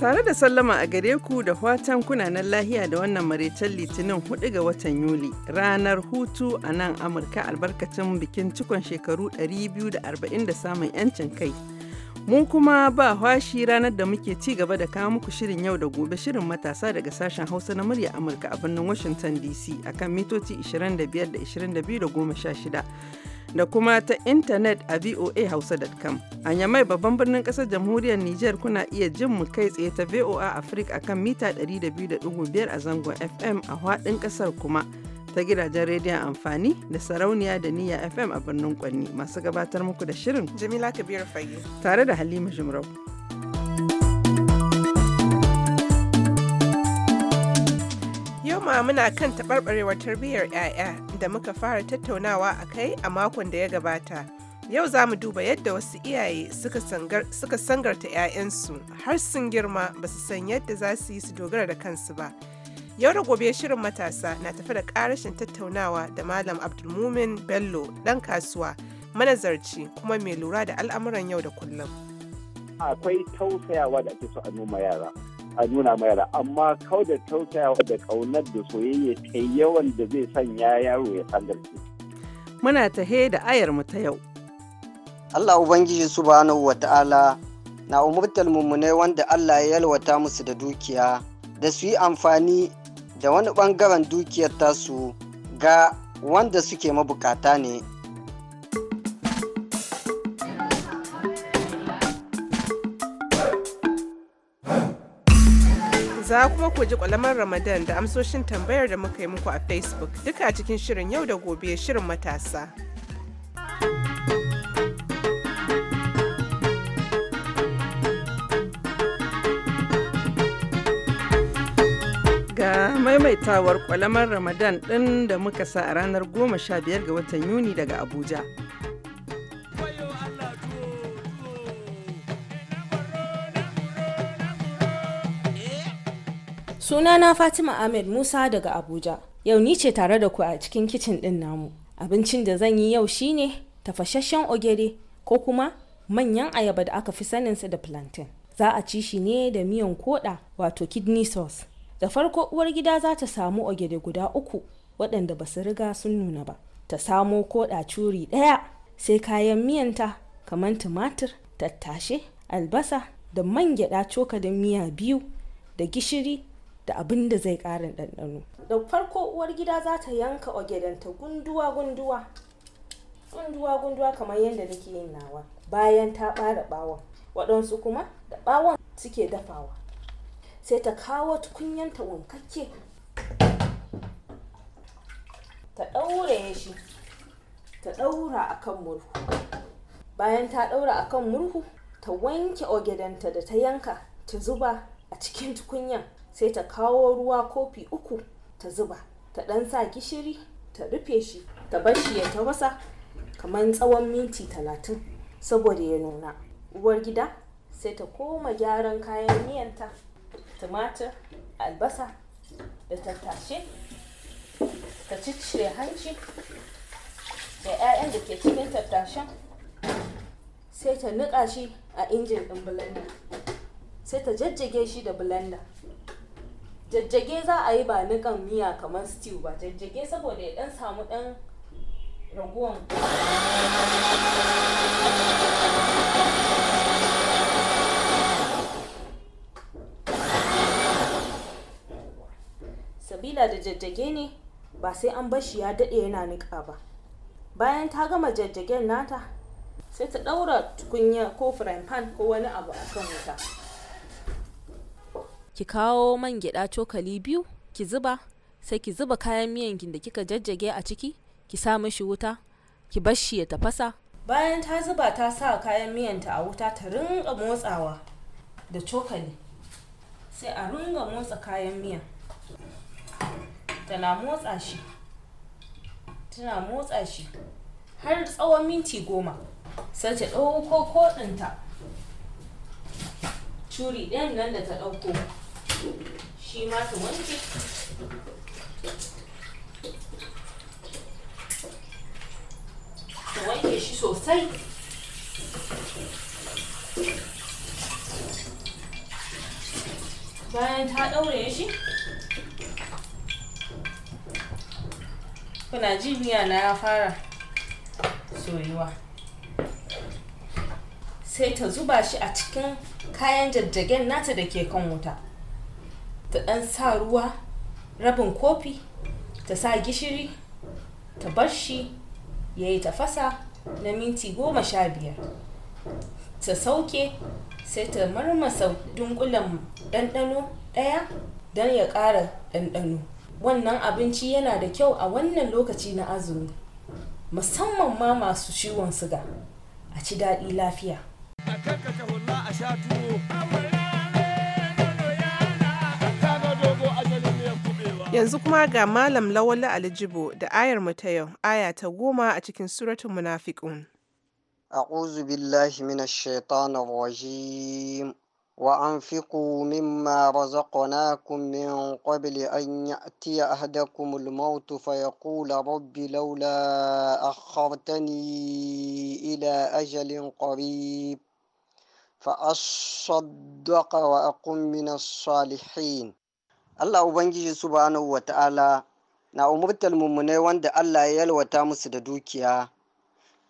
Tare da sallama a gare ku da kuna kunanan lahiya da wannan maraicen litinin 4 ga watan Yuli ranar hutu a nan Amurka albarkacin bikin cikon shekaru 240 da samun 'yancin kai. Mun kuma ba hwashi ranar da muke ci gaba da kawo muku shirin yau da gobe shirin matasa daga sashen Hausa na murya Amurka a birnin Washington DC akan mitoci 25 da 22 da 16. da kuma ta intanet a voahausa.com. A Yamai babban birnin ƙasar jamhuriyar Nijar kuna iya jin mu kai tsaye ta VOA Africa akan mita 200.5 a zangon FM a haɗin ƙasar kuma ta gidajen rediyon amfani da sarauniya da niyya FM a birnin Kwanni masu gabatar muku da shirin Jamila Kabiru Fage tare da Halima Jumrau. kuma muna kan taɓarɓarewar tarbiyyar 'ya'ya da muka fara tattaunawa a kai a makon da ya gabata. Yau za mu duba yadda wasu iyaye suka sangarta 'ya'yansu har sun girma ba su san yadda za su yi su dogara da kansu ba. Yau da gobe shirin matasa na tafi da ƙarashin tattaunawa da Malam Abdulmumin Bello dan kasuwa, manazarci kuma mai lura da al'amuran yau da kullum. Akwai tausayawa da ake so a noma yara. a nuna mai da amma kawai da tausayawa da ƙaunar da soyayya ta yawan da zai sanya yaro ya su. Muna tahe da ayar mu ta yau. Allah Ubangiji subhanahu wa ta'ala na umurtar mummunai wanda Allah ya yalwata musu da dukiya da su yi amfani da wani ɓangaren dukiyar tasu ga wanda suke mabukata ne Za kuma ku ji kwalamar Ramadan da amsoshin tambayar da muka yi muku a Facebook duka a cikin shirin yau da gobe shirin matasa. Ga maimaitawar kwalamar Ramadan ɗin da muka sa a ranar goma sha biyar ga watan Yuni daga Abuja. Sunana Fatima Ahmed Musa daga Abuja. Yau ni ce tare da ku a cikin kicin din namu. Abincin da zan yi yau shine tafasasshen ogere ko kuma manyan ayaba da aka fi sanin saninsa da plantain. Za a ci shi ne da miyan koda wato kidney sauce. Da farko uwar gida za ta samu ogere guda uku waɗanda ba su riga sun nuna ba. Ta samo koda curi ɗaya sai kayan miyanta kamar tumatir, tattashe, albasa da man gyaɗa cokalin miya biyu da gishiri da abin da zai ƙarin ɗanɗano. da farko uwar gida za ta yanka ogedanta gunduwa gunduwa gunduwa gunduwa kamar yadda nake yin nawa bayan ta ɓara ɓawon waɗansu kuma da ɓawon suke dafawa sai ta kawo tukunyanta wankakke ta ɗaure shi ta ɗaura a kan murhu bayan ta ɗaura a kan murhu ta wanke ogedanta da ta yanka ta zuba a cikin tukunyan sai ta kawo ruwa kofi uku ta zuba ta ɗan sa gishiri ta rufe shi ta bar shi ya tawasa kamar tsawon minti talatin saboda ya nuna uwar gida sai ta koma gyaran kayan miyanta tumatir albasa da tattashe ta ciccire hanci da 'ya'yan da ke cikin tattashen sai ta niƙa shi a injin ɗin blender sai ta jajjage shi da blender jajjage za a yi ba nikan miya kamar stew ba jajjage saboda ya dan samu dan raguwan sabila da jajjage ne ba sai an bashi ya daɗe yana nika ba bayan ta gama jajjagen nata sai ta ɗaura tukunya ko frying pan ko wani abu a kan wuta ki kawo man gyaɗa cokali biyu ki zuba sai ki zuba kayan miyan da kika jajjage a ciki ki sa mishi wuta ki bar shi ya tafasa bayan ta zuba ta sa kayan miyanta a wuta ta ringa motsawa da cokali sai a ringa motsa kayan miyan tana motsa shi tana motsa shi har tsawon minti goma sai ta ɗauko koɗinta curi ɗayan nan da ta ɗauko shi ma ta wanke wanke shi sosai bayan ta ɗaure shi kuna ji miya na ya fara soyuwa sai ta zuba shi a cikin kayan jajjagen nata da ke kan wuta ta ɗan sa ruwa rabin kofi ta sa gishiri ta bar shi ya yi tafasa na minti goma sha biyar ta sauke sai ta marmasa dunkulen ɗanɗano ɗaya don ya ƙara ɗanɗano wannan abinci yana da kyau a wannan lokaci na azumi musamman ma masu ciwon suga a ci daɗi lafiya a wallah a sha Yanzu kuma ga Malam Lawali Alijibo da ayar mu ta yau, aya ta goma a cikin suratul Munafiqun. أعوذ بالله من الشيطان الرجيم وأنفقوا مما رزقناكم من قبل أن يأتي أهدكم الموت فيقول رب لولا أخرتني إلى أجل قريب فأصدق وأقم من الصالحين Allah Ubangiji subhanahu wa ta'ala na umurtar mummune wanda Allah ya yalwata musu da dukiya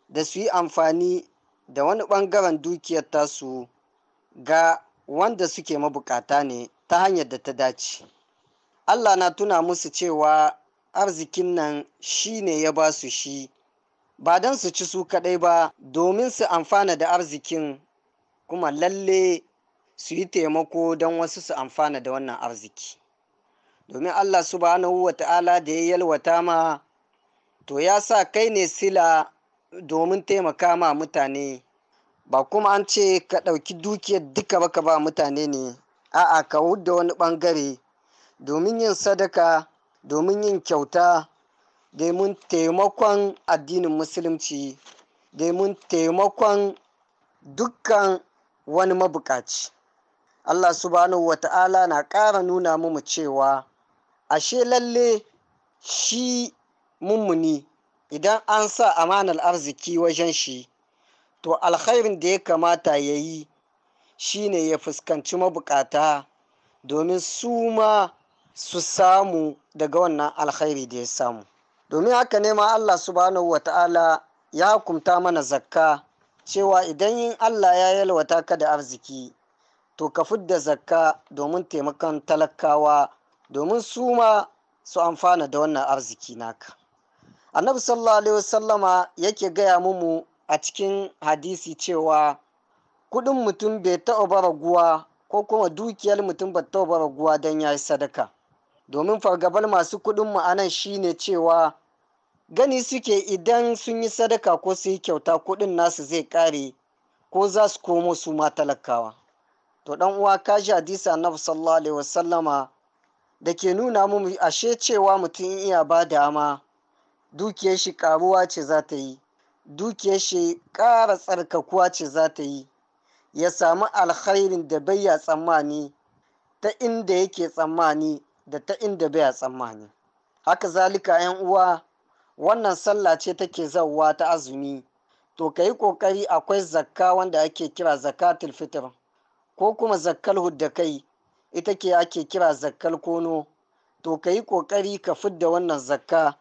da su yi amfani da wani ɓangaren dukiyar tasu ga wanda suke mabukata ne ta hanyar da ta dace. Allah na tuna musu cewa arzikin nan shi ne ya ba su shi, ba don su ci su kaɗai ba domin su amfana da arzikin kuma lalle su yi taimako don wasu su amfana da wannan arziki. domin Allah subhanahu wa ta'ala da ya yalwata ma to ya sa kai ne sila domin taimaka ma mutane ba kuma an ce ka ɗauki dukiyar duka ba ka ba mutane ne a'a ka da wani ɓangare domin yin sadaka domin yin kyauta domin taimakon addinin musulunci domin taimakon dukkan wani mabukaci Allah subhanahu wa ta'ala na ƙara nuna mu cewa ashe lalle shi mummuni idan an sa amanar arziki wajen shi to alkhairin da ya kamata ya yi shine ya fuskanci mabukata domin su ma su samu daga wannan alkhairi da ya samu domin haka ne ma allah subhanahu Ta'ala ya hukumta mana zakka cewa idan yin allah ya yalwata ka da arziki to ka fidda zakka domin taimakon talakawa domin su ma su amfana da wannan arziki naka annabi sallallahu alaihi wasallama yake gaya mumu a cikin hadisi cewa kudin mutum bai taɓa raguwa ko kuma dukiyar mutum ba taɓa guwa don ya yi sadaka domin fargabar masu kudin mu anan shine cewa gani suke idan sun yi sadaka ko su yi kyauta kudin nasu zai ƙare ko za su komo su ma talakawa to ɗan uwa kashi hadisi annabi sallallahu alaihi wasallama da ke nuna mu ashe cewa mutum iya ba dama dukiyar shi karuwa ce za ta yi dukiyar shi ƙara tsarkakuwa ce za ta yi ya samu alkhairin da bai ya tsammani ta inda yake tsammani da ta inda bai ya tsammani haka zalika yan uwa wannan sallah ce take zauwa ta azumi to ka yi ƙoƙari akwai zakka wanda ake kira zakatul fitr ko kuma zakkal hudda kai ita ke ake kira zakkar kono to ka yi ƙoƙari ka fidda wannan zakka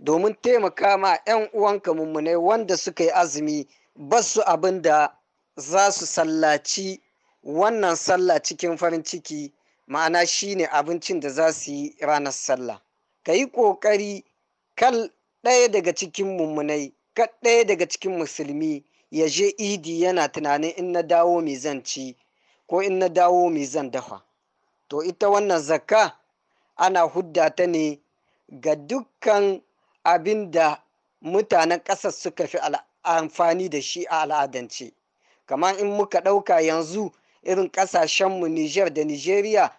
domin taimaka ma 'yan uwanka mummunai wanda suka yi azumi basu abin da za su sallaci wannan sallah cikin farin ciki ma'ana shine abincin da za su yi ranar sallah ka yi ƙoƙari kal ɗaya daga cikin mummunai ka ɗaya daga cikin musulmi ya je idi yana tunanin in na dawo mai zan ci ko in na dawo mai zan dafa to ita wannan zakka ana hudda ta ne ga dukkan abin da mutanen ƙasa suka fi amfani da shi a al'adance kamar in muka ɗauka yanzu irin ƙasashenmu niger da nigeria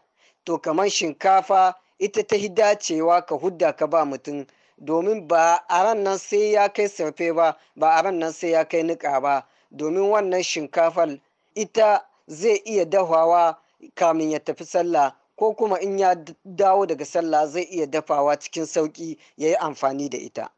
to kamar shinkafa ita ta hi dacewa ka hudda ka ba mutum domin ba a ran nan sai ya kai sarfe ba ba a ran nan sai ya kai niƙa ba domin wannan shinkafar ita zai iya dahawa kamin ya tafi sallah ko kuma in ya dawo daga sallah zai iya dafawa cikin sauki ya yi amfani da ita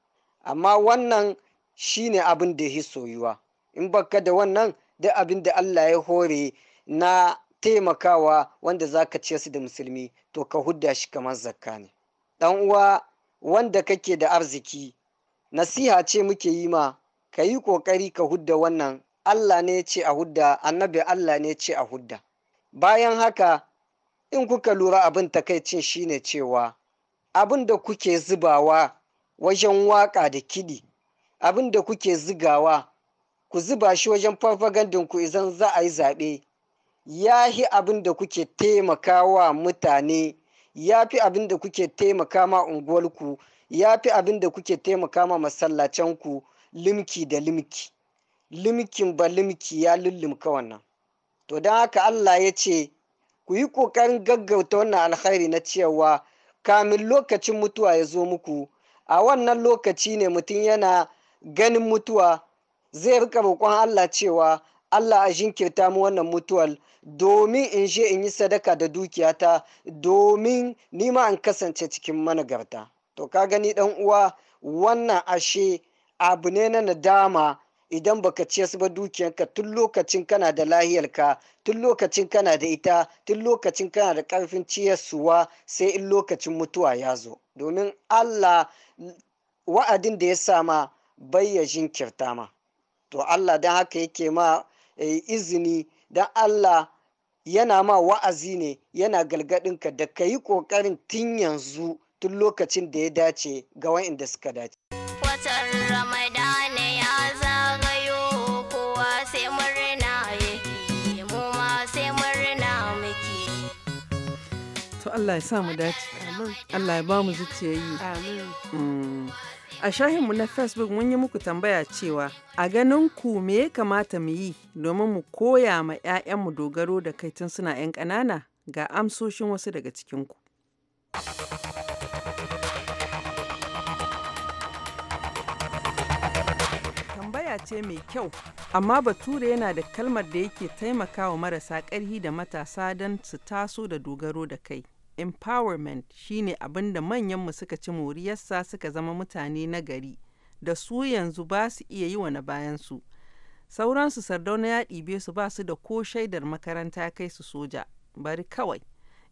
amma wannan shi ne abin da ya soyuwa in baka da wannan duk abin da allah ya hore na taimakawa wanda za ka ce su da musulmi to ka hudda shi kamar zakka ne ɗan uwa wanda kake da arziki nasiha ce muke yi ma ka yi ƙoƙari ka hudda wannan allah ne ce a hudda annabi allah ne ce a hudda bayan haka in kuka lura abin takaicin shine cewa abin da kuke zubawa wajen waka da kidi, abin da kuke zigawa ku zuba shi wajen farfagandin ku idan za a yi zaɓe ya fi abin da kuke taimaka wa mutane ya fi abin da kuke taimaka ma unguwarku ya fi abin da kuke taimaka ma masallacenku limki da limki limkin ba limki ya lullumka wannan to don haka Allah ya ce ku yi ƙoƙarin gaggauta wannan alkhairi na cewa kamin lokacin mutuwa ya zo muku a wannan lokaci ne mutum yana ganin mutuwa zai rika roƙon Allah cewa Allah a jinkirta mu wannan mutuwar domin in je in yi sadaka da dukiyata domin nima in kasance cikin managarta to ka gani dan uwa wannan ashe abu ne na nadama idan baka ci su ba dukiyarka tun lokacin kana da lahiyarka tun lokacin kana da ita tun lokacin kana da karfin ciyarsuwa sai in lokacin mutuwa ya zo domin allah wa'adin da ya sama bayya jinkirta ma to allah don haka yake ma eh, izini don allah yana ma wa'azi ne yana galgadinka da ka yi ƙoƙarin tun yanzu tun lokacin da ya dace ga wa'inda suka dace. Wata Allah ya sa mu dace. Allah ya bamu mu yi. Mm. A shahinmu na Facebook mun yi muku tambaya cewa a ganin ku me ya kamata mu yi domin mu koya ma 'ya'yanmu dogaro da kai tun suna 'yan ƙanana ga amsoshin wasu daga cikinku. Tambaya ce mai kyau, amma Bature yana da kalmar da yake taimakawa marasa ƙarhi da matasa don su taso da dogaro da kai. empowerment shine abin da manyanmu suka ci moriyarsa suka zama mutane na gari da su yanzu ba su iya yi wa na bayansu sauransu sardauna ya ɗibe su ba su da ko shaidar makaranta kai su soja bari kawai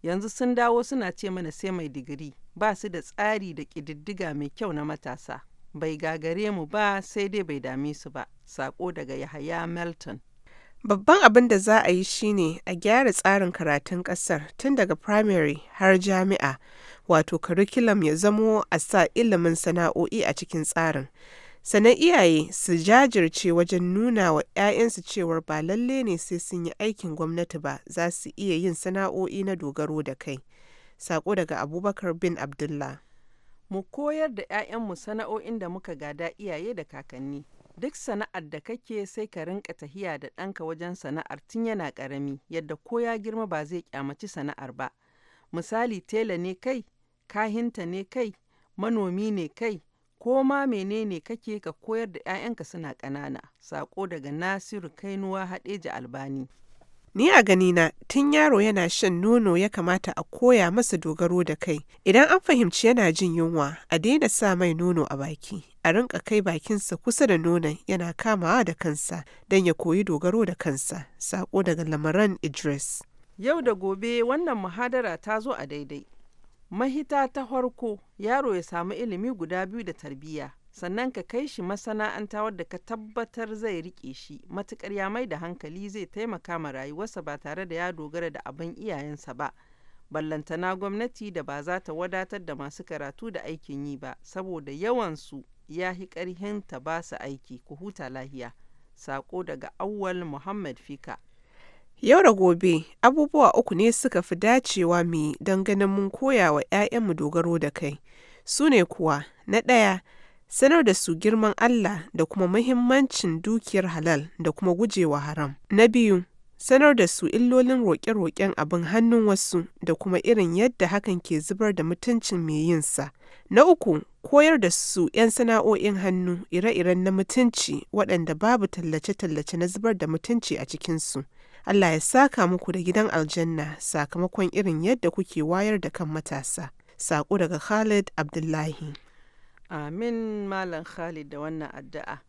yanzu sun dawo suna ce mana sai mai digiri ba su da tsari da ƙididdiga mai kyau na matasa bai gagare mu ba sai dai bai dame su ba sako daga yahaya melton Babban abin da za a yi shi ne a gyara tsarin karatun ƙasar tun daga firamare har jami'a, wato curriculum ya zamo a sa ilimin sana'o'i a cikin tsarin. Sannan iyaye su jajirce wajen nuna wa 'ya'yansu cewar ba lalle ne sai sun yi aikin gwamnati ba za su iya yin sana'o'i na dogaro da kai. Sako daga Abubakar bin Abdullah. Mu koyar da 'ya'yanmu sana'o'in da muka gada iyaye da kakanni. Duk sana'ar da kake sai ka rinka tahiya da ɗanka wajen sana'ar tun yana ƙarami yadda ko ya girma ba zai kyamaci sana'ar ba. Misali tela ne kai, kahinta ne kai, manomi ne kai, ko ma menene kake ka koyar da 'ya'yanka suna ƙanana. Sako daga Nasiru Kainuwa Haɗeja Albani. Ni a ganina tun yaro yana shan nono ya kamata a koya masa dogaro da kai. Idan an fahimci yana jin yunwa, a daina sa mai nono a baki, a rinka kai bakinsa kusa da nono yana kamawa da kansa don ya koyi dogaro da kansa. Sako daga Lamaran Idris. Yau da gobe wannan muhadara ta zo a daidai. Mahita ta farko yaro ya samu ilimi guda biyu da tarbiyya. sannan ka kai shi masana'anta wadda ka tabbatar zai rike shi matukar ya mai da hankali zai taimaka ma rayuwarsa ba tare da ya dogara da abin iyayensa ba ballantana gwamnati da ba za ta wadatar da masu karatu da aikin yi ba saboda yawansu ya fi karhin ta ba su aiki ku huta lahiya sako daga awwal muhammad fika Yau da gobe abubuwa uku ne suka fi dacewa mu don ganin mun koya wa 'ya'yanmu dogaro da kai. Su ne kuwa, na ɗaya, sanar da su girman Allah da kuma muhimmancin dukiyar halal da kuma gujewa haram. Na biyu, sanar da su illolin roƙe-roƙen abin hannun wasu da kuma irin yadda hakan ke zubar da mutuncin mai yinsa. Na uku, koyar da su 'yan sana'o'in hannu ire-iren na mutunci waɗanda babu tallace-tallace na zubar da mutunci a cikinsu. Allah ya saka muku da gidan aljanna sakamakon irin yadda kuke wayar da kan matasa. Saƙo daga Khalid Abdullahi. Amin Malam Khalid da wannan addu'a.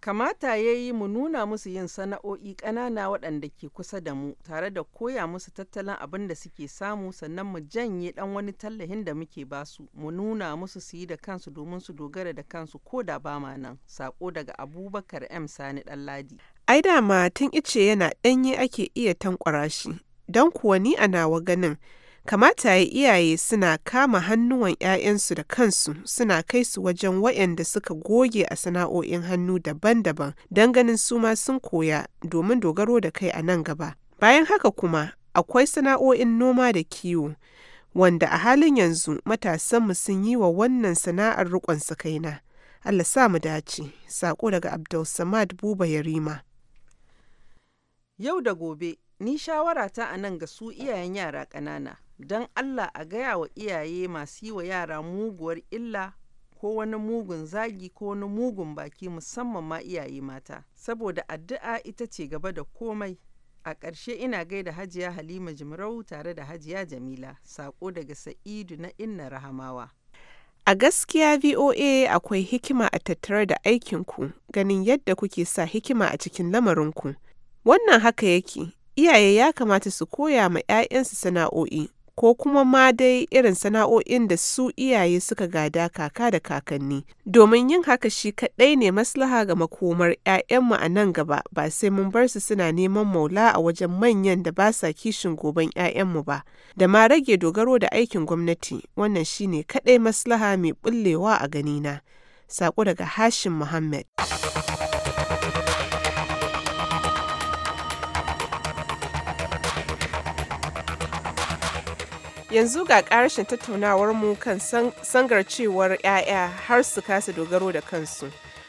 Kamata ya yi mu nuna musu yin sana'o'i ƙanana waɗanda ke kusa da mu tare da koya musu tattalin abin da suke samu sannan mu janye ɗan wani tallahin da muke basu mu nuna musu su yi da kansu domin su dogara da kansu ko da ba ma nan saƙo daga abubakar m sani ɗanladi. ai da ma tun ice yana ɗanye ake iya tankwara shi don kuwa ni a nawa ganin kamata ya iyaye suna kama hannuwan 'ya'yansu da kansu suna kai su wajen wa'yanda suka goge a sana'o'in hannu daban-daban don ganin su ma sun koya domin dogaro da kai a nan gaba. Bayan haka kuma akwai sana'o'in noma da kiwo wanda a halin yanzu matasanmu sun yi wa wannan sana'ar riƙon kaina. Allah sa mu dace, sako daga Abdul Buba Yarima. Yau da gobe, ni shawara ta a nan ga su iyayen yara ƙanana don Allah a gaya wa iyaye masu yi wa yara muguwar illa ko wani mugun zagi ko wani mugun baki musamman ma iyaye mata saboda addu'a ita ce gaba da komai a ƙarshe ina gaida hajiya halima jimrau tare da hajiya jamila saƙo daga sa'idu na inna rahamawa A gaskiya VOA akwai hikima a tattare da aikinku ganin yadda kuke sa hikima a cikin lamarinku. Wannan haka yake, iyaye ya kamata su koya ma 'ya'yansu sana'o'i ko kuma ma dai irin sana'o'in da su iyaye suka gada kaka da kakanni domin yin haka shi kaɗai ne maslaha ga makomar 'ya'yanmu a nan gaba ba sai mun bar su suna neman maula a wajen manyan da ba sa kishin goben 'ya'yanmu ba da ma rage dogaro da aikin gwamnati wannan shi ne kaɗai maslaha mai bullewa a ganina. saƙo daga Hashim Muhammad. Yanzu ga ƙarashin mu kan sangar cewar 'ya'ya har su kasa dogaro da kansu.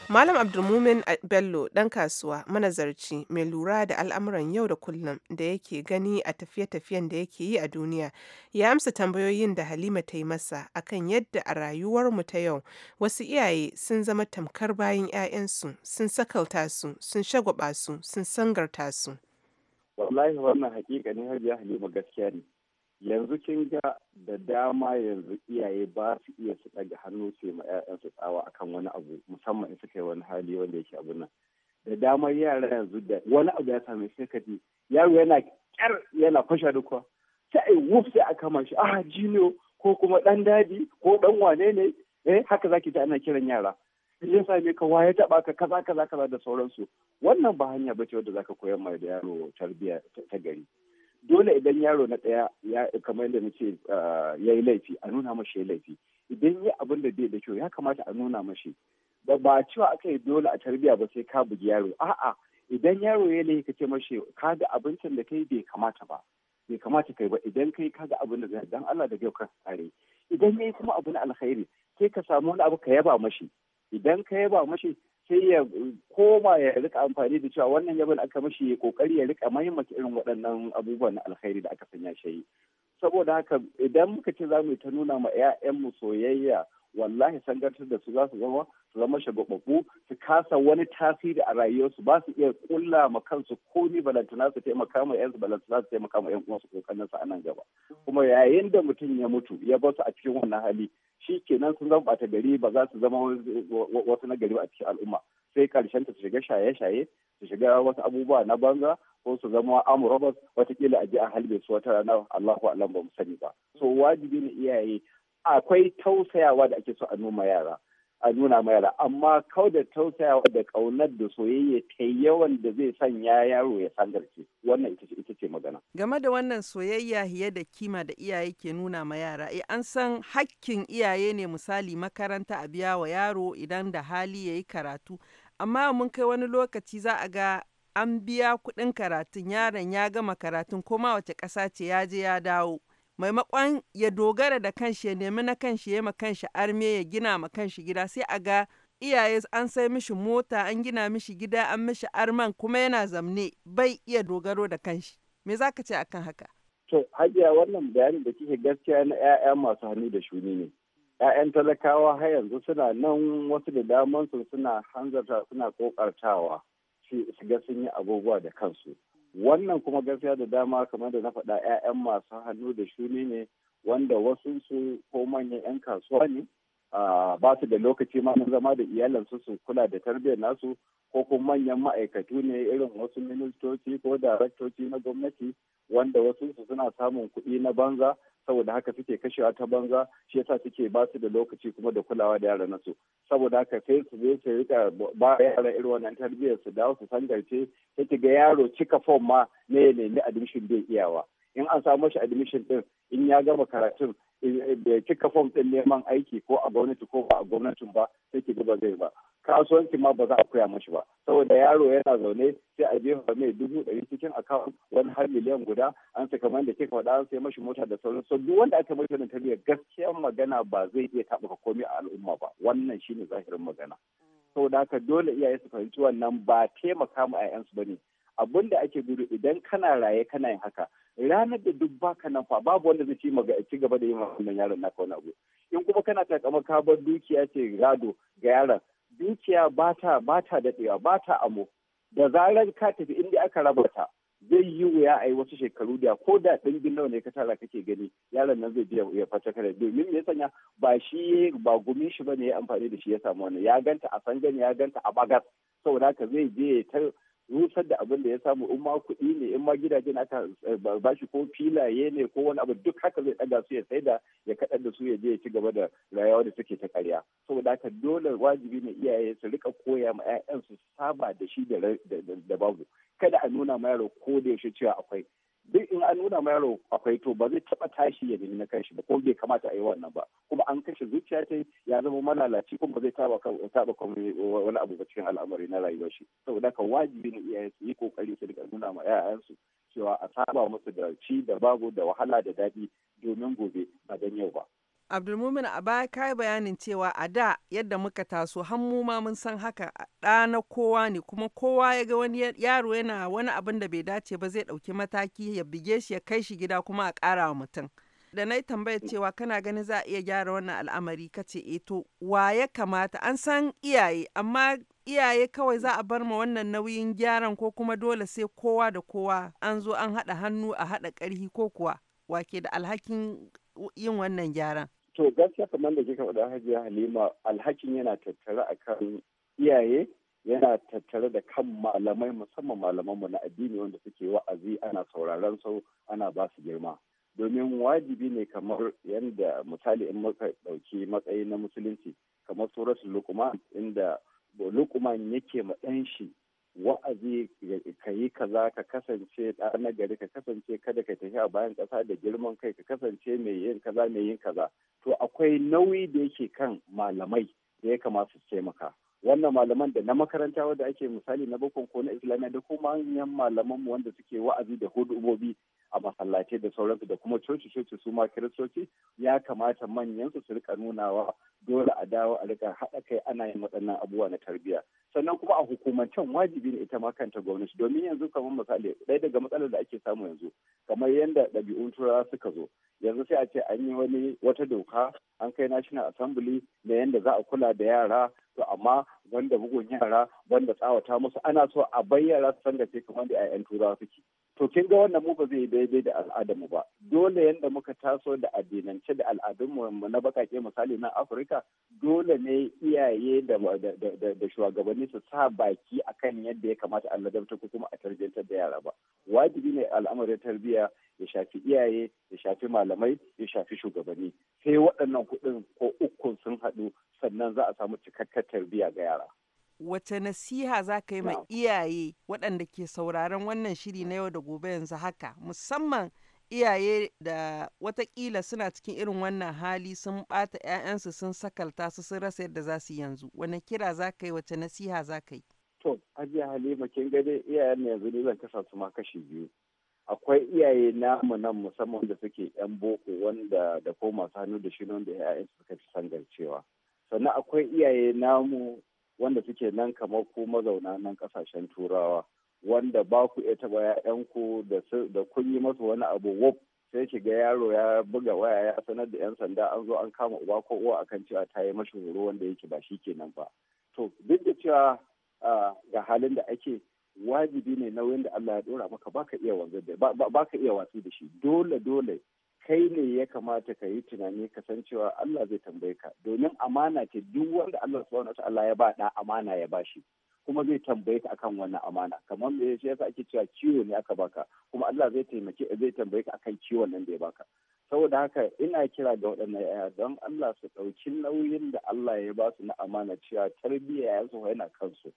Malam Abdulmumin eh, Bello ɗan kasuwa manazarci mai lura da al'amuran yau da kullum da yake gani a tafiye-tafiyen da yake yi a duniya ya amsa tambayoyin da Halima ta yi masa akan yadda a rayuwar mu ta yau wasu iyaye sun zama tamkar bayan 'ya'yansu sun sakalta su sun shagwaba su sun sangarta su. Wallahi wannan hakika ne hajiya Halima gaskiya ne. yanzu kin ga da dama yanzu iyaye ba su iya su ɗaga hannu su ma 'ya'yansu tsawa akan wani abu musamman in suka yi wani hali wanda yake abin nan da dama yara yanzu da wani abu ya same shi yaro yana kyar yana fasha duka sai wuf sai a kama shi ah jino ko kuma ɗan dadi ko dan wane ne eh haka zaki ji ana kiran yara ya same ka waye taba ka kaza kaza kaza da sauransu wannan ba hanya bace wadda zaka koyar mai da yaro tarbiyya ta gari dole idan yaro na ɗaya ya kamar yadda nace ah, ya yi laifi a nuna mashi ya laifi idan ya abin da bai da kyau ya kamata a nuna mashi ba ba cewa aka yi dole a tarbiyya ba sai ka bugi yaro a'a idan yaro ya laifi ka ce mashi ka ga abincin da kai bai kamata ba bai kamata kai ba idan kai ka ga abin da zai dan Allah da gaukar tsare idan yayi kuma abin alkhairi sai ka samu wani abu ka yaba mashi idan ka yaba mashi sai ya koma ya rika amfani da cewa wannan yabon aka mashi ya kokari ya rika mahimmanci irin waɗannan abubuwan alkhairi da aka sanya shi saboda haka idan muka ce za mu ta nuna ma 'ya'yanmu soyayya wallahi sangantar da su za su zama su zama shagwababbu su kasa wani tasiri a rayuwarsu ba su iya kulla ma kansu komi balantana su taimaka ma yansu balantana su taimaka ma yan uwansu ko a nan gaba kuma yayin da mutum ya mutu ya basu a cikin wannan hali shi kenan sun zama bata gari ba za su zama wasu na gari a cikin al'umma sai karshen ta su shiga shaye-shaye su shiga wasu abubuwa na banza ko su zama amu robert watakila a ji a halbe su wata rana allahu alam ba mu sani ba so wajibi ne iyaye akwai tausayawa da ake so a noma yara a nuna ma yara amma kau da tausayawa da kaunar da soyayya ta yawan da zai sanya yaro ya sangarci wannan ita ce magana game da wannan soyayya hiye da kima da iyaye ke nuna ma yara e an san hakkin iyaye ne misali makaranta a biya wa yaro idan da hali ya yi karatu amma mun kai wani lokaci za a ga an biya kuɗin karatun yaron ya gama karatun koma wace ƙasa ce ya je ya dawo maimakon ya dogara da kanshi ya nemi na kanshi ya ma kanshi arme ya gina ma kanshi gida sai a ga iyaye an sai mishi mota an gina mishi gida an mishi arman kuma yana zamne bai iya dogaro da kanshi me za ka ce kan haka to hajiya wannan bayani da kike gaskiya na 'ya'ya masu hannu da shuni ne 'ya'yan talakawa har yanzu suna nan wasu da damansu suna hanzarta suna kokartawa su ga sun yi abubuwa da kansu wannan kuma gaskiya da dama kamar da na faɗa 'ya'yan masu hannu da shuni ne wanda wasu su ko manyan 'yan kasuwa ne ba su da lokaci ma na zama da iyalansu su kula da tarbiyyar nasu ko kuma manyan ma'aikatu ne irin wasu ministoci ko daraktoci na gwamnati wanda wasu suna samun kuɗi na banza saboda haka suke kashewa ta banza shi yasa suke ba su da lokaci kuma da kulawa da yara nasu saboda haka sai su je su rika ba yara irin wannan tarbiyyar su dawo su sangarce sai ga yaro cika fom ma ne ya nemi admission bai iyawa in an samu shi admission din in ya gama karatun da eh, eh, cika fom din neman aiki ko a gwamnati ko ba a gwamnatin ba sai ki ba zai ba kasuwanci ma ba za a koya mashi ba saboda yaro yana zaune sai a jefa mai dubu ɗari cikin akawun wani har miliyan guda an saka kamar da kika faɗa an sai mashi mota da sauran so duk wanda aka mai wannan tarbiyyar gaskiyar magana ba zai iya taɓuka komai a al'umma ba wannan shine zahirin magana saboda haka dole iyaye su fahimci wannan ba taimaka ma 'ya'yansu ba ne abin da ake gudu idan kana raye kana yin haka ranar da duk baka nan fa babu wanda zai ci gaba da yin wannan yaron naka na abu in kuma kana takama ka bar dukiya ce gado ga yaron zuciya ba ta ba ta daɗewa ba ta amo da zarar ka tafi inda aka raba ta zai yi wuya a yi wasu shekaru da ko da dangin nawa ne ka tara kake gani yaron nan zai biya ya fata kare domin me sanya ba shi ba gumin shi ba ne ya amfani da shi ya samu wannan ya ganta a sangani ya ganta a bagas saboda haka zai je ta rusar da abin da ya samu in ma kuɗi ne in ma gidaje aka eh, ba shi ko filaye ne ko wani abu duk haka zai ɗaga su ya sai da ya kaɗar da su ya je ya ci gaba da rayuwa da suke ta karya saboda haka dole wajibi ne iyaye su rika koya ma 'ya'yansu saba da shi da babu kada a nuna ma yaro ko da yaushe cewa akwai duk in an nuna mayaro yaro akwai to ba zai taba tashi ya nemi na kanshi ba ko bai kamata a yi wannan ba kuma an kashe zuciya ta ya zama malalaci kuma ba zai taba taba wani abu ba cikin al'amari na rayuwar shi saboda ka wajibi ne iyaye su yi kokari su riga nuna ma 'ya'yansu cewa a saba musu da ci da babu da wahala da daɗi domin gobe a dan yau ba Abdulmumin a baya ka yi bayanin cewa a da yadda muka taso hannu ma mun san haka ɗa na kowa ne kuma kowa ya ga wani yaro yana wani abin da bai dace ba zai ɗauki mataki ya bige shi ya kai shi gida kuma a ƙara wa mutum. Da na yi tambayar cewa kana ganin za a iya gyara wannan al'amari ka ce e to wa ya kamata an san iyaye amma iyaye kawai za a bar ma wannan nauyin gyaran ko kuma dole sai kowa da kowa an zo an haɗa hannu a haɗa ƙarhi ko kuwa wake da alhakin yin wannan gyaran. To gaskiya kamar da kika faɗa Hajiya Halima alhakin yana tattare akan iyaye yana tattare da kan malamai musamman malamanmu na addini wanda suke wa'azi ana sauraron sau ana ba su girma. Domin wajibi ne kamar yadda misali in muka ɗauki matsayi na musulunci kamar suratul luqman inda luqman yake ma ɗan shi wa'azi ka yi kaza ka kasance ɗa gari ka kasance kada ka tafi a bayan ƙasa da girman kai ka kasance mai yin kaza mai yin kaza to akwai nauyi da yake kan malamai da ya kamata su taimaka wannan malaman da na makaranta wanda ake misali na bakon ko na islamiyya da kuma manyan malaman mu wanda suke wa'azi da hudubobi a masallatai da sauransu da kuma coci coci su ma kiristoci ya kamata manyan su su rika nunawa dole a dawo a rika haɗa kai ana yin waɗannan abubuwa na tarbiyya sannan kuma a hukumancen wajibi ne ita ma kanta gwamnati domin yanzu kamar misali ɗaya daga matsalar da ake samu yanzu kamar yadda ɗabi'un turawa suka zo yanzu sai a ce an yi wani wata doka an kai national assembly da yadda za a kula da yara to amma wanda bugun yara wanda tsawata musu ana so a bayyana su san da kamar da 'ya'yan turawa suke to kin ga wannan mu ba zai daidai da mu ba dole yanda muka taso da addinance da al'adunmu na bakake misali na afirka dole ne iyaye da shugabanni su sa baki akan yadda ya kamata a ladabta ko kuma a tarbiyyantar da yara ba wajibi ne al'amarin tarbiyya ya shafi iyaye ya shafi malamai ya shafi shugabanni sai waɗannan kuɗin ko ukun sun haɗu sannan za a samu cikakkar tarbiyya ga yara wace nasiha za ka yi ma iyaye waɗanda ke sauraron wannan shiri na yau da gobe yanzu haka musamman iyaye da watakila suna cikin irin wannan hali sun ɓata 'ya'yansu sun sakalta su sun rasa yadda za su yanzu wani kira za ka yi wace nasiha za ka yi to hali halima kin ga iyayen na yanzu ne zan kasa su ma kashi biyu akwai iyaye namu nan musamman da suke yan boko wanda da ko masu hannu da shi da 'ya'yansu suka fi sangarcewa sannan akwai iyaye namu wanda suke nan kamar ku mazauna nan kasashen turawa wanda ba ku iya taba ‘ya'yanku da kun yi masu wani abu wop sai ki ga yaro ya buga waya ya sanar da 'yan sanda an zo an kama uba ko uwa akan cewa ta yi mashi horo wanda yake ba shi kenan ba to duk da cewa ga halin da ake wajibi ne nauyin da Allah ya dora maka baka iya wanzu da baka iya watsi da shi dole dole kai ne ya kamata ka yi tunani kasancewa Allah zai tambaye ka domin amana ce duk wanda Allah subhanahu Allah ya ba da amana ya bashi kuma zai tambaye ka akan wannan amana kamar me shi yasa ake cewa ciwo ne aka baka kuma Allah zai taimake zai tambaye ka akan kiwon nan da ya baka saboda haka ina kira ga waɗannan yaya don Allah su ɗauki nauyin da Allah ya ba su na amana cewa tarbiyya ya su yana kansu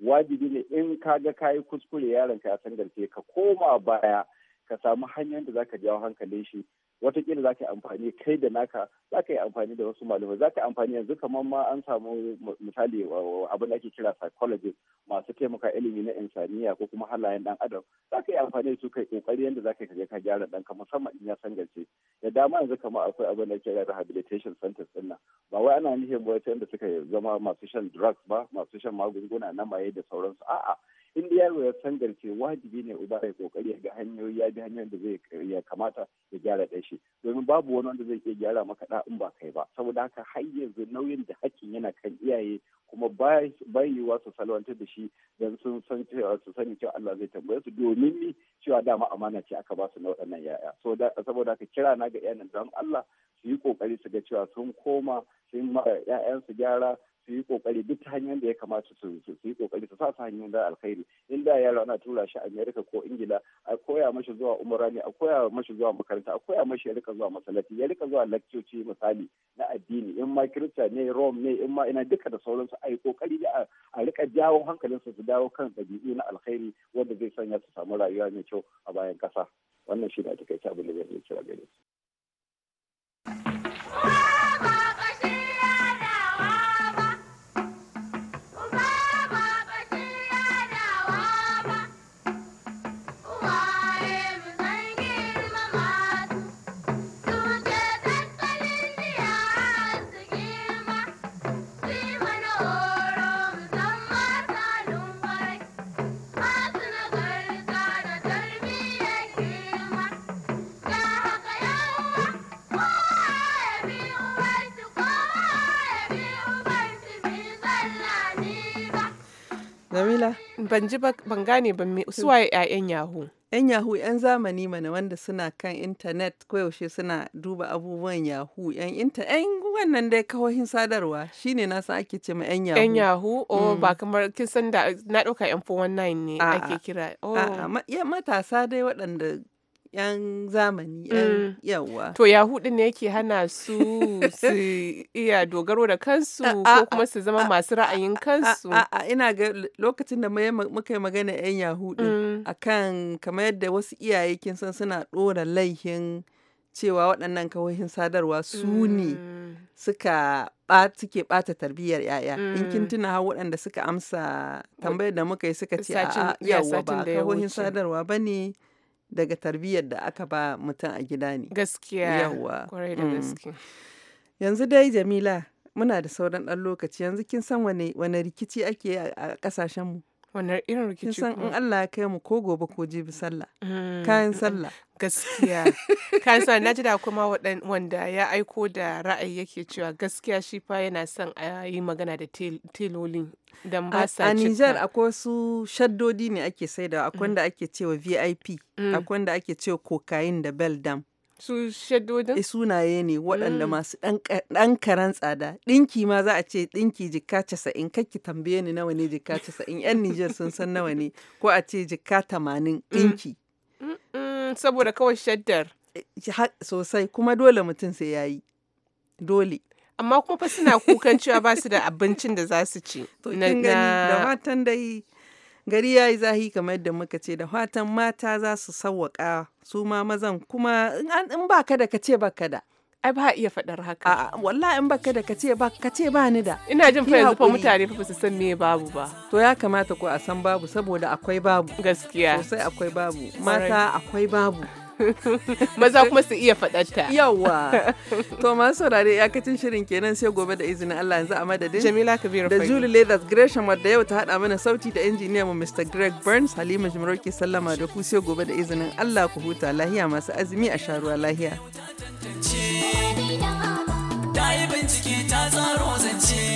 wajibi ne in ka ga kayi kuskure yaron ka ya san garke ka koma baya ka samu hanyar da zaka jawo hankalin shi watakila za ka yi amfani kai da naka za ka yi amfani da wasu malamai za ka yi amfani yanzu kamar ma an samu misali abin da ake kira psychologist masu taimaka ilimi na insaniya ko kuma halayen dan adam za ka yi amfani da su kai kokari yadda za ka yi ka gyara ɗanka musamman in ya san sangarce da dama yanzu kamar akwai abin da ake kira rehabilitation centers din nan ba wai ana nufin wata yadda suka zama masu shan drugs ba masu shan magunguna na maye da sauransu a'a in da yaro ya sangarce wajibi ne uba ya kokari ga hanyoyi ya bi hanyoyin da zai ya kamata ya gyara da shi domin babu wani wanda zai iya gyara maka da in ba kai ba saboda haka har yanzu nauyin da hakkin yana kan iyaye kuma bai yiwuwa su salwantar da shi don sun san cewa su sani cewa Allah zai tambaye su domin ni cewa dama amana ce aka ba su na waɗannan yaya saboda haka kira na ga iyayen don Allah su yi kokari su ga cewa sun koma sun ma su gyara su yi kokari duk ta hanyar da ya kamata su yi kokari su sa su hanyar da alkhairi in da yaro ana tura shi america ko ingila a koya mashi zuwa umarani a koya mashi zuwa makaranta a koya mashi ya rika zuwa masallaci ya rika zuwa lakcoci misali na addini in ma kirista ne rome ne in ma ina duka da sauransu a yi kokari da a rika jawo hankalinsu su dawo kan ɗabi'u na alkhairi wanda zai sanya su samu rayuwa mai kyau a bayan ƙasa wannan shi ne a takaice abin da zai kira gare su. ban ji ban gane ban su hmm. waye ƴaƴan yahoo 'yan yahoo 'yan zamani mana wanda suna kan intanet koyaushe suna duba abubuwan yahoo 'yan intanet wannan dai kahohin sadarwa shine nasa ake ce ma 'yan yahoo 'yan yahoo o oh, hmm. ba kamar kin san da na ɗauka 419 ne ake kira oh. matasa dai waɗanda 'yan zamani 'yan mm. yawa. To Yahoo ne yake hana su su iya dogaro da kansu ko kuma su zama masu ra'ayin kansu. A'a ina ga lokacin da muka yi magana 'yan Yahoo mm. a kan kamar yadda wasu iyaye kin san suna ɗora laihin cewa waɗannan kawahin sadarwa su ne mm. suka suke ɓata tarbiyyar yaya in kin tuna ha waɗanda suka amsa tambayar da muka yi suka ce a yawa ba kawahin sadarwa ba ne daga tarbiyyar da aka ba mutum a gida ne gaskiya Yawwa. kwarai da mm. gaske yanzu dai jamila muna da sauran ɗan lokaci yanzu kin san wane rikici ake a ƙasashenmu Wannan irin rikici Kin san in Allah ya kai mu ko gobe ko jibi sallah. Mm, Kayan mm, sallah. Gaskiya. Kayan sallah na ji da kuma wanda ya aiko da ra'ayi yake cewa gaskiya shi fa yana son a yi magana da telolin dan ba sa A Nijar akwai su shaddodi ne ake saidawa akwai mm. wanda ake cewa VIP akwai wanda ake cewa cocaine da beldam. su shaddodin? Eh, sunaye ne waɗanda mm. masu ɗan karan tsada ɗinki ma za a ce ɗinki jikka casa'in kakki tambaye ni nawa ne jikka casa'in yan Nijar sun san nawa ne ko a ce jikka tamanin mm. ɗinki. saboda kawai shaddar. Eh, sosai kuma dole mutum sai ya yi dole. amma kuma fa suna kukan cewa ba su da abincin da za su ci. to kin gani da matan dai Gari ya yi zahi kamar yadda muka ce da fatan mata za su sawwaka su ma mazan kuma in ba ka da ka ce ba ka da. ai ba iya faɗar haka. A'a wallahi in ka da ce ba kace ba ni da. Ina jin fa yanzu fa mutane fa su san me babu ba. To ya kamata ko a san babu saboda akwai babu. Gaskiya. Sosai akwai babu. Mata akwai babu. maza kuma su iya faɗarta. Yawwa. To masu saurare yakacin shirin kenan sai gobe da izinin Allah yanzu a madadin. Jamila Kabiru Da Julie Leathers Gresham wadda yau ta haɗa mana sauti da injiniya mu Mr. Greg Burns Halima Jimaroke Sallama da ku sai gobe da izinin Allah ku huta lahiya masu azumi a sharuwa lahiya. Ta bincike ta zaro zance.